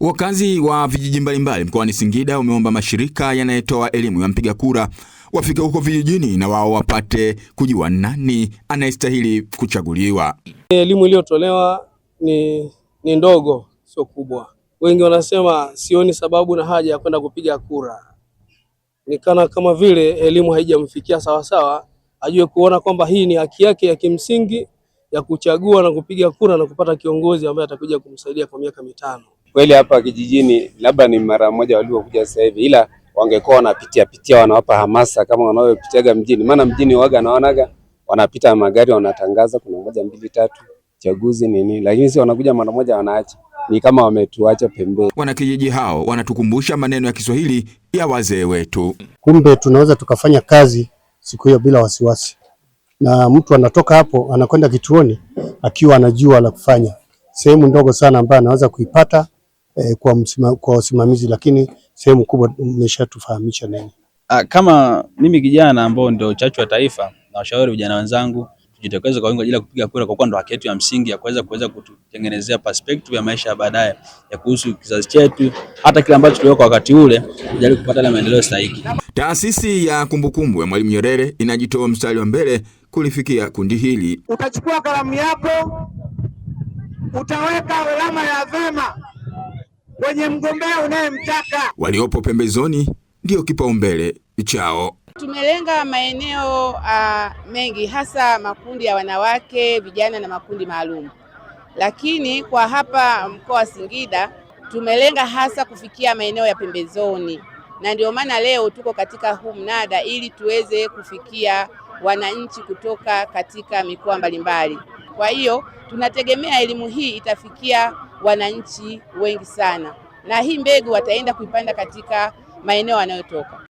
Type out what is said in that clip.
Wakazi wa vijiji mbalimbali mkoani Singida wameomba mashirika yanayetoa elimu ya mpiga kura wafike huko vijijini na wao wapate kujua nani anayestahili kuchaguliwa. Elimu iliyotolewa ni, ni ndogo, sio kubwa. Wengi wanasema sioni sababu na haja ya kwenda kupiga kura, nikana kama vile elimu haijamfikia sawasawa, ajue kuona kwamba hii ni haki yake ya kimsingi ya kuchagua na kupiga kura na kupata kiongozi ambaye atakuja kumsaidia kwa miaka mitano kweli hapa kijijini labda ni mara moja waliokuja sasa hivi, ila wangekuwa wanapitia pitia, wanawapa hamasa kama wanaopitiaga mjini. Maana mjini waga naonaga wanapita magari wanatangaza kuna moja mbili tatu chaguzi nini, lakini si wanakuja mara moja wanaacha, ni kama wametuacha pembeni. Wanakijiji hao wanatukumbusha maneno ya Kiswahili ya wazee wetu, kumbe tunaweza tukafanya kazi siku hiyo bila wasiwasi, na mtu anatoka hapo anakwenda kituoni akiwa anajua la kufanya, sehemu ndogo sana ambayo anaweza kuipata eh, kwa, msima, kwa wasimamizi, lakini sehemu kubwa umeshatufahamisha nini. Ah, kama mimi kijana ambao ndio chachu ya taifa, na washauri vijana wenzangu tujitokeze kwa wingi ajili ya kupiga kura, kwa kuwa ndo haki yetu ya msingi ya kuweza kuweza kututengenezea perspective ya maisha ya baadaye ya kuhusu kizazi chetu, hata kile ambacho tuliweka wakati ule, kujaribu kupata ile maendeleo stahiki. Taasisi ya kumbukumbu ya Mwalimu Nyerere inajitoa mstari wa mbele kulifikia kundi hili. Utachukua kalamu yako, utaweka alama ya vema kwenye mgombea unayemtaka. Waliopo pembezoni ndio kipaumbele chao. Tumelenga maeneo uh, mengi hasa makundi ya wanawake, vijana na makundi maalum, lakini kwa hapa mkoa wa Singida tumelenga hasa kufikia maeneo ya pembezoni, na ndio maana leo tuko katika huu mnada ili tuweze kufikia wananchi kutoka katika mikoa mbalimbali. Kwa hiyo tunategemea elimu hii itafikia wananchi wengi sana, na hii mbegu wataenda kuipanda katika maeneo wanayotoka.